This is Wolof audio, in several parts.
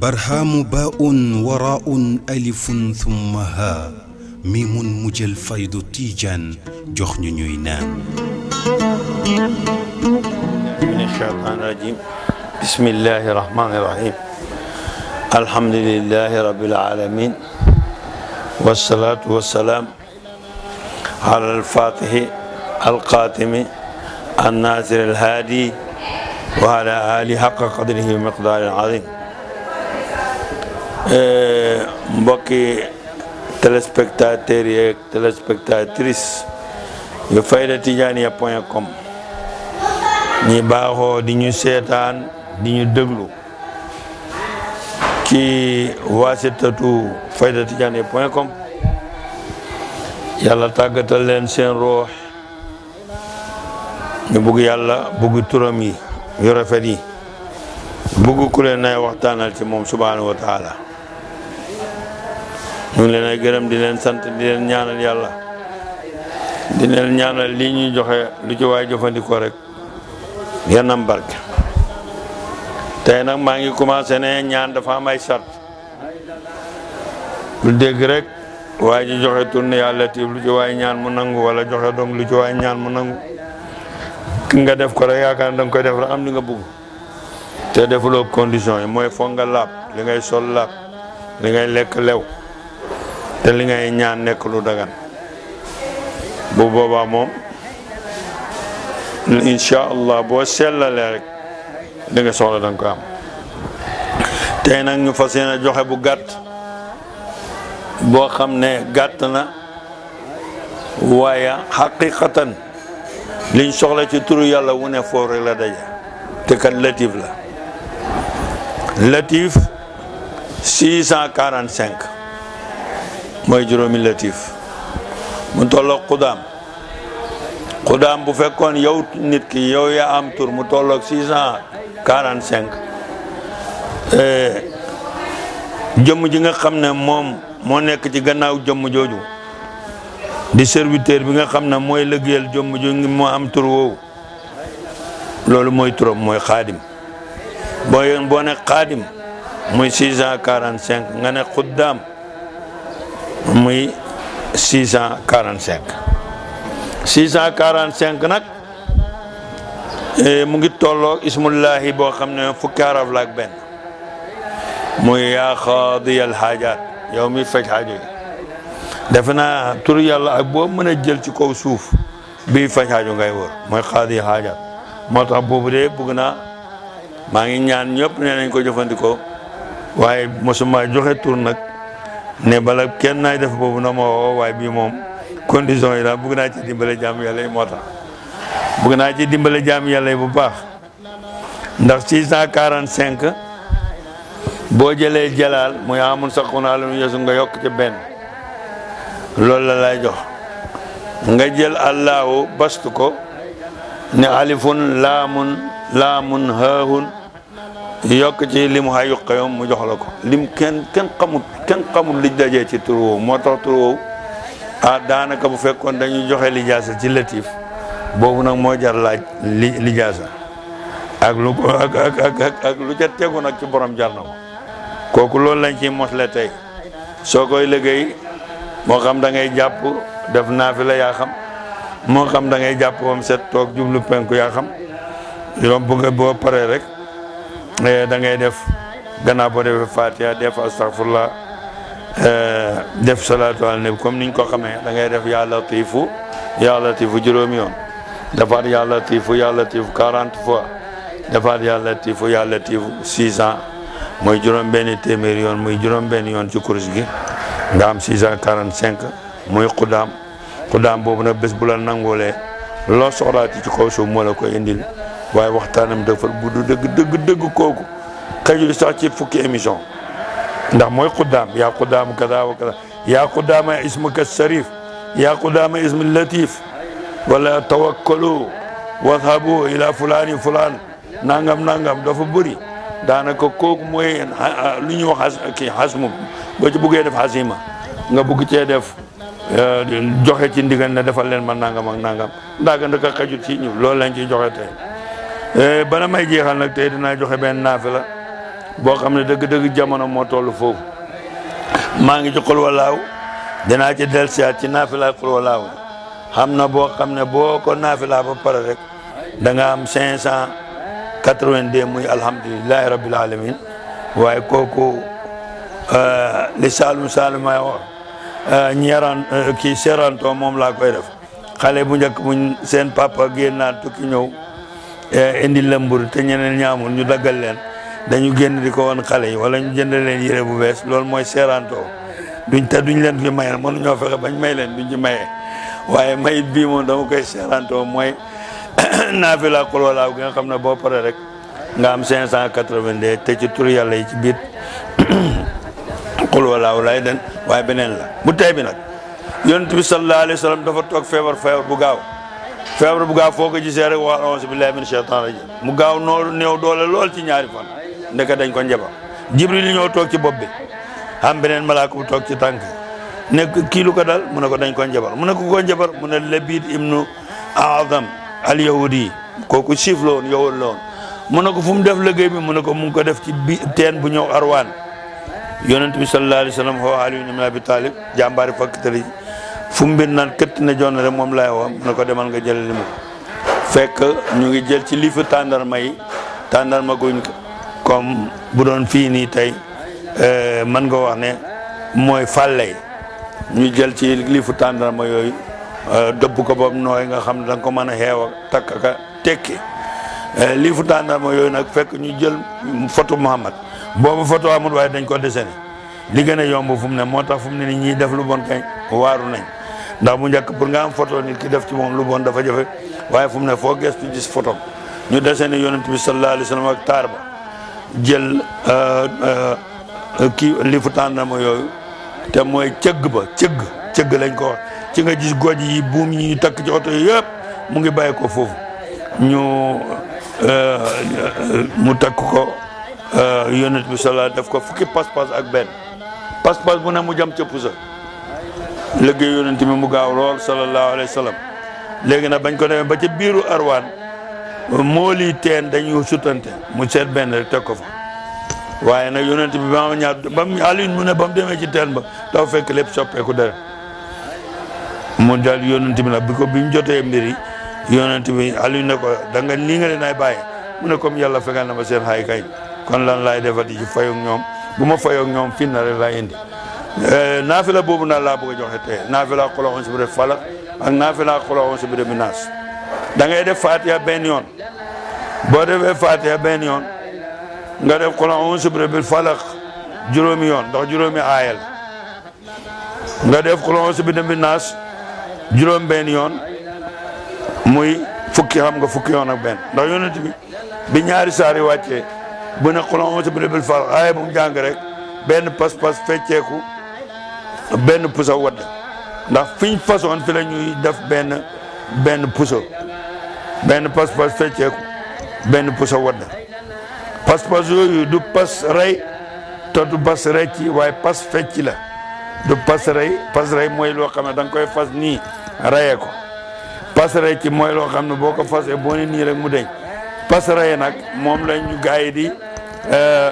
برهام باء وراء ألف ثم ها ميم مجل فيض تيجان جخن نينان من الشيطان الرجيم بسم الله الرحمن الرحيم الحمد لله رب العالمين والصلاة والسلام على الفاتح القاتم الناصر الهادي وعلى آله حق قدره ومقدار عظيم mbokki téléspectateurs yeeg téléspectatrices yu fayda tidianiya point com ñi baaxoo di ñu seetaan di ñu déglu ci waasitatu fayda tidianiya point com yàlla tàggatal leen seen roox ñu bugg yàlla bugg turam yi yu rafet yi bugg ku leen nay waxtaanal ci moom subhaanahu wa taala ñu leen ay gërëm di leen sant di leen ñaanal yàlla di leen ñaanal lii ñuy joxe lu ci waay jëfandikoo rek yennam barke te nag maa ngi commencé ne ñaan dafa am ay sart lu dégg rek waaye ji joxe tourné yàlla tiib lu ci waaye ñaan mu nangu wala joxe dong lu ci waaye ñaan mu nangu nga def ko rek yaakaar da nga koy def am li nga bugg te defuloo condition yi mooy foog nga laab li ngay sol laab li ngay lekk lew te li ngay ñaan nekk lu dagan bu boobaa moom insha allah boo sellalee rek li nga soxla da nga ko am tey nag ñu fas joxe bu gàtt boo xam ne gàtt na waaye xaqiqatan liñ soxla ci turu yàlla wu ne foofu rek la daje te kat latif la latif mooy juróomi latif mu tolloog xudaam xudaam bu fekkoon yow nit ki yow yaa am tur mu tolloog 645 eh, jëmm ji nga xam ne moom moo nekk ci gannaaw jëmm jooju di serviteur bi nga xam ne mooy lëggeel jom ju ngi moo am tur loolu mooy turam mooy xaadim boo yoon boo ne xaadim muy 645 nga ne xuddaam muy 645 645 nag e, mu ngi tolloog ismullahi boo xam ne fukki araf la ak benn muy yaa xaadiyal xaajaat yow mi faj xaajo defe tur yàlla ak boo mën a jël ci kaw suuf bii faj aajo ngay wër mooy xaadi xaaja moo tax boobu de bëgg naa maa ngi ñaan ñëpp nee nañ ko jëfandikoo waaye mosuma joxe tur nag ne bala kenn naa def boobu na ma waaye bii moom condition yi daal bëgg naa ci dimbale jaam yàlla yi moo tax bëgg naa ci dimbale jaam yàlla yi bu baax ndax 645 boo jëlee jalaal muy amun saquna alam yeesu nga yokk ci benn loolu la lay jox nga jël allahu bastu ko ne alifun laamun laamun haahun yokk ci limu ay yuqayom mu jox la ko lim kenn kenn xamut kenn xamut li dajee ci tur moo tax tur woowu ah, daanaka bu fekkoon dañuy joxe lijaasa ci latif boobu nag moo jar laaj lijaasa ak lu ja ak tegu nag ci borom jar na ko kooku loolu lañ ciy mosle tey soo koy liggéey moo xam da ngay jàpp def naafila yaa xam moo xam da ngay jàpp moom set toog jublu penku yaa xam juróom boo paree rek eh, da ngay def gannaaw boo defee fatiha def astaghfirullah eh, def salaatu ala nabi comme niñ ko xamee da ngay def yaa latifu yaa latifu juróomi yoon defaat yaa latifu yaa latifu quarante fois defaat yaa latifu yàlla latifu six cent mooy juróom benn téeméeri yoon muy juróom benn yoon ci course gi ndaam 645 muy xudaam xudaam boobu nag bés bu la nangoolee loo soxlaati ci kaw suuf moo la koy indil waaye waxtaanam dafa gudd dëgg dëgg dëgg kooku xajul sax ci fukki émission ndax mooy xudaam yaa xudaam kada wa kada yaa xudaama ismuka sarif yaa xudaama ismu latif wala tawakkalu wadhabu ila fulani fulan nangam nangam dafa bëri daanaka kooku mooy lu ñuy wax xas kii xasmu boo ci buggee def xasima nga bugg cee def euh, joxe ci ndigal ne defal leen ma nangam ak nangam ndaaga ndaka xajut ci ñu loolu lañ ciy joxe tey euh, bala may jeexal nag tey dinaa joxe benn naafila boo xam ne dëgg-dëgg jamono moo toll foofu maa ngi ci xul walaaw dinaa ci dellusiwaat ci naafila xul walaaw xam na boo xam ne boo ko naafila ba pare rek da nga 82 muy alhamdulilahi rabil alamin waaye kooku euh, li saalum saalum ay wax euh, euh, kii seeranto moom laa koy def xale bu njëkk buñ seen papa génn naa tukki ñëw indi lëmbur te ñeneen ñaamul ñu daggal leen dañu génn di ko woon xale yi wala ñu jënd leen yére bu bees loolu mooy seeranto duñ te duñ leen fi mayal mënuñoo fexe bañ may leen duñ ci may waaye mayit bii moom dama koy seeranto mooy naafila kul walaaw gi nga xam ne boo paree rek nga am 582 te ci tur yàlla yi ci biir kul walaaw lay den waaye beneen la bu tey bi nag yonent bi sallallahu alayhi wa sallam dafa toog feebar feebar bu gaaw feebar bu gaaw foo ko gisee rek wax auzu billahi min shaytan rajim mu gaaw noonu néew doole lool ci ñaari fan ndeke dañ ko njaba jibril ñëw toog ci bopp bi am beneen malaaka bu toog ci tànk ne kii lu ko dal mu ne ko dañ ko njabar mu ne ko ko njabar mu ne labid ibnu adam al kooku siif la woon yowoon la woon mu ne ko fu mu def liggéey bi mu ne ko mu ko def ci bi teen bu ñëw arwaan yonent bi sallallahu alayhi wa sallam xoo Aliyu ibn Abi Talib jàmbaari fakkatari fu mbir naan këtt ne jonn rek moom laay wax mu ne ko demal nga jëlali ma fekk ñu ngi jël ci liifu tàndarma yi tàndarma guñ comme bu doon fii nii tey eh, mën nga wax ne mooy fàllay ñu jël ci liifu tàndarma yooyu Euh, dëbb ko ba mu nooy nga xam ne da ko mën a xeew ak takk ka tekki euh, lii fu tàndarma yooyu nag fekk ñu jël photo Muhammad boobu foto amul waaye dañ ko dessiné li gën a yomb fu mu ne moo tax fu ne ni ñiy def lu bon kañ waaru nañ ndax bu njëkk pour nga am photo nit ki def ci moom lu bon dafa jafe waaye fu mu ne foo gestu gis photo ñu dessiné yonent bi sallallahu alayhi wa sallam ak taar ba jël euh, kii li fu yooyu te mooy cëgg ba cëgg cëgg lañ ko ci nga ji goj yi buum yi ñu takk ci oto yi yëpp mu ngi bàyyi ko foofu ñu euh, euh, mu takk ko euh, yonent bi sala def ko fukki pas-pas ak benn pas-pas bu ne mu jam ca pusa liggéey yonent mi mu gaaw lool sallallahu alayhi wa léegi nag bañ ko demee ba ca biiru arwaan mooli teen dañu sutante mu seet benn rek teg ko fa waaye nag yonent bi ba ma ñaar ba mu mu ne ba mu demee ci teen ba dafa fekk lépp soppeeku dara mo dal yonent bi nag bi ko bi mu jotee mbiri yonent bi Aliou ne ko da nga nii nga lenay baye mu ne comme yalla fegal na ma sen hay kay kon lan lay defati ci fayoog ñoom na indi eh, nafila bobu na la bëgg a joxe falak ak nafila xulaxoon si bi def minaas da ngay def fatiha ben yon bo defee fatiha ben yon nga def subhanahu wa ta'ala falak juromi yon ndax juromi aayal nga def xulaxoon si juróom benn yoon muy fukki xam nga fukki yoon ak benn ndax yonent bi bi ñaari saari wàccee bu ne xulon si bu fal aaye bu mu jàng rek benn pas-pas fecceeku benn puso wadd ndax fiñ façon fi la ñuy def benn benn puso benn pas-pas fecceeku benn puso wadd pas-pas yooyu du pas rey te du pas recci waaye pas fecci la du pas rey pas rey mooy loo xam ne danga koy fas nii rayee ko pas rey ci mooy loo xam ne boo ko fasee boo ne nii rek mu deñ pas rey nag moom la ñu gars yi di euh,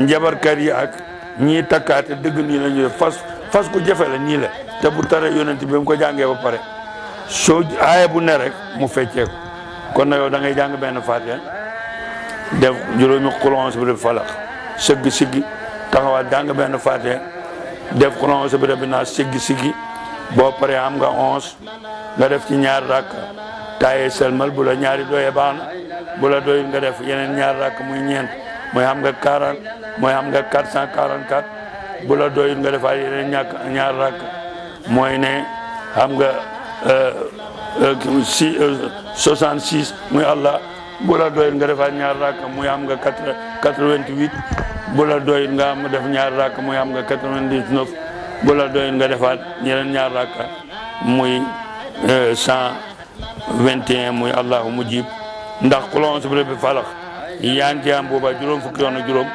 njabarkat yi ak ñiy takkaat dëgg nii la fas fas ku jafe la nii la te bu tare yonent bi mu ko jàngee ba pare soo aaye bu ne rek mu feccee ko kon na yow da ngay jàng benn faatiha def juróomi xulonce bi de falax sëgg-siggi taxawaat jàng benn faatiha def ko onze bi rabbi naas siggi siggi boo paree am nga onze nga def ci ñaar rakk taaye selmal bu ñaari doyee baax na bu la nga def yeneen ñaar rakk muy ñeent mooy am ga quarante mooy am nga quatre cent quarante quatre bu la doyul nga defaat yeneen ñàkk ñaari rakk mooy ne am nga si euh, euh, soixante six euh, muy allah bu la doyul nga defaat ñaar rakk muy am nga quatre-vingt-huit bu la doyul nga am def ñaar rakk muy am nga quatre-vingt-dix-neuf bu la doyul nga defaat ñeneen ñaar rakk muy euh, cent vingt et muy allahu mujib ndax qul a'uuzu bi rabbil falaq yaa ngi ci am booba juróom fukki yoon juróom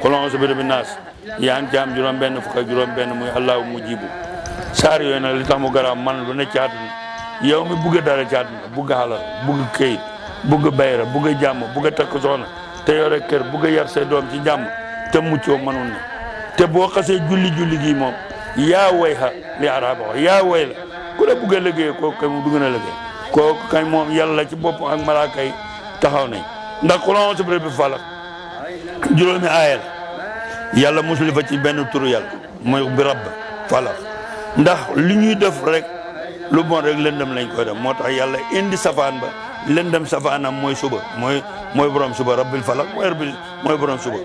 qul a'uuzu bi rabbin naas yaa am juróom benn fukk juróom benn muy allahu mujibu saar yooyu nag li tax mu garaam man lu ne ci àdduna yow mi bugg dara ci àdduna bugg xalal bugg këyit bugg bayra bugg jàmm bugg takk soxna te yore kër bugg yar say doom ci jàmm te muccoo mënoon na te boo xasee julli julli gi moom yaa way xa li arab wax yaa way la ku la bugg a kooku kay mu dugg na liggéey kooku kay moom yàlla ci bopp ak malaaka yi taxaw nañ ndax Quraan sabra bi fala juróomi aaya la yàlla musuli ci benn turu yàlla mooy bi rabb fala ndax li ñuy def rek lu bon rek lëndëm lañ koy def moo tax yàlla indi safaan ba lëndëm safaanam mooy suba mooy mooy suba rabbil falaq mooy rabbil mooy borom suba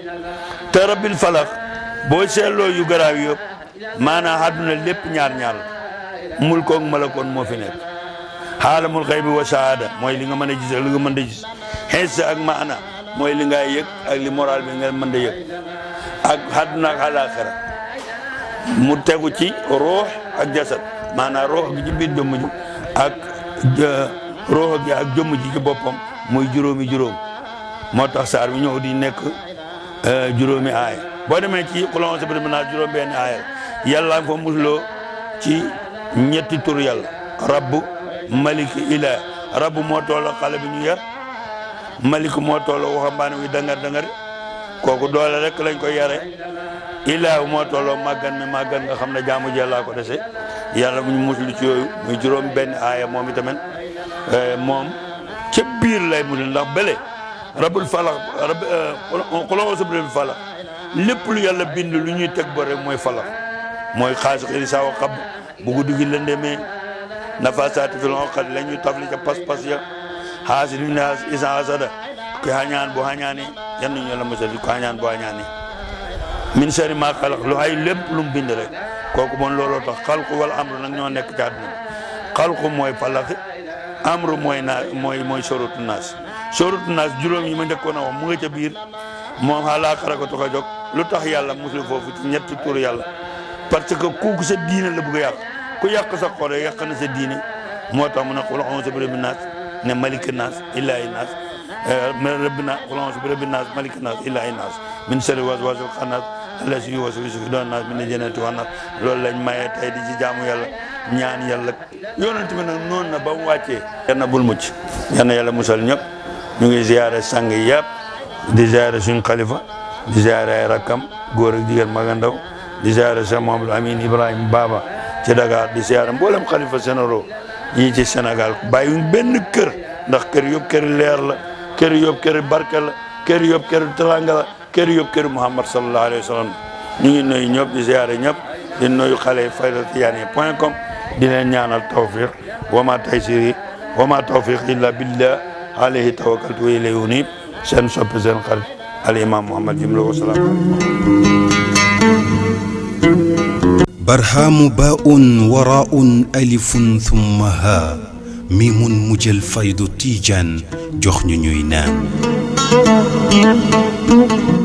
te rabbil falaq boo seetloo yu garaaw yëpp maanaam àdduna lépp ñaar-ñaar la mulkoog malakoon moo fi nekk xaalamul xaybi wa saada mooy li nga mën a gis li nga mën a gis xees ak maana mooy li nga yëg ak li moral bi nga mën a yëg ak àdduna ak àlaaxira mu tegu ci ruux ak jasad maanaam ruux gi ci biir ak ruux gi ak jëmm ji ci boppam muy juróomi juróom moo tax saar bi ñëw di nekk euh, juróomi aaya boo demee ci xulonse bi mën naa juróom benn aaya yàlla ko musloo ci ñetti tur yàlla rabbu malik ila rabbu moo toolo xale bi ñu yar malik moo toolo waxambaane wi dangar dangar kooku doole rek lañ koy yare ilaahu moo tolloo màggan mi màggan nga xam ne jaamu jee laa ko dese yàlla mu muslu ci yooyu muy juróom benn aaya moom itamit Eh, moom ca biir lay mu ndax bële rabul falax rab xulon asubiril falax lépp lu yàlla bind lu ñuy teg ba rek mooy falax mooy xaasix irsa wa xab bu guddi gi la ndemee nafasaati fil uqad la ñuy tafli ca pas-pas ya xaasid min naas isa asada ki xañaan bu xañaani yan nañu yàlla mosal ko xañaan bu xañaani min sari maa xalaq lu ay lépp lu bind rek kooku moom looloo tax xalqu wal amru nag ñoo nekk ci àdduna xalqu mooy amru mooy naa mooy mooy sorotu naas sorotu naas juróom yi ma njëkkoon a wax mu nga ca biir moom xaalaa xara ko tax a jóg lu tax yàlla muslu foofu ci ñetti tur yàlla parce que kooku sa diine la bëgg a ku yàq sa xol yàq na sa diine moo tax mu ne xul a'uuzu bi rabbi naas ne maliki naas ilaahi naas eh, rabbi naas xul a'uuzu bi rabbi naas maliki naas ilaahi naas min sharri waswaasil xannaas allazii naas min al naas loolu lañ mayee tey di ci jaamu yàlla ñaan yàlla yonent bi na ba mu wàccee yal na bul mucc yal na yàlla musal ñëpp ñu ngi ziare sang yëpp di ziare suñ xalifa di ziare ay rakkam góor ak jigéen mag ndaw di ziare Cheikh Mamadou Amine Ibrahima Baba ci Dakar di ziare mboolam xalifa généraux yi ci senegal bàyyiwuñ benn kër ndax kër yëpp kër leer la ker yëpp ker barke la kër yëpp kër teranga la kër yëpp kër Muhammad sallallahu alayhi wa sallam ñu ngi nuyu ñëpp di ziare ñëpp di nuyu xale yi faydatiyani point com دينا نيان التوفيق وما تيسيري وما توفيق إلا بالله عليه توكلت وإليه نيب سن سوب سن خل الإمام محمد جمل وسلم برهام باء وراء ألف ثم ها ميم مجل فيض تيجان جخن نيوينان Thank